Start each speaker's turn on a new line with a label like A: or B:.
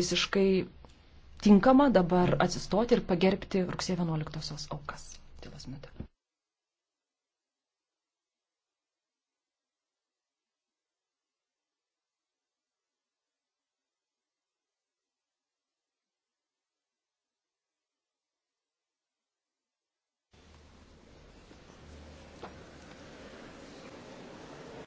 A: visiškai tinkama dabar atsistoti ir pagerbti rugsėjo 11-osios aukas.
B: Tylos minutė.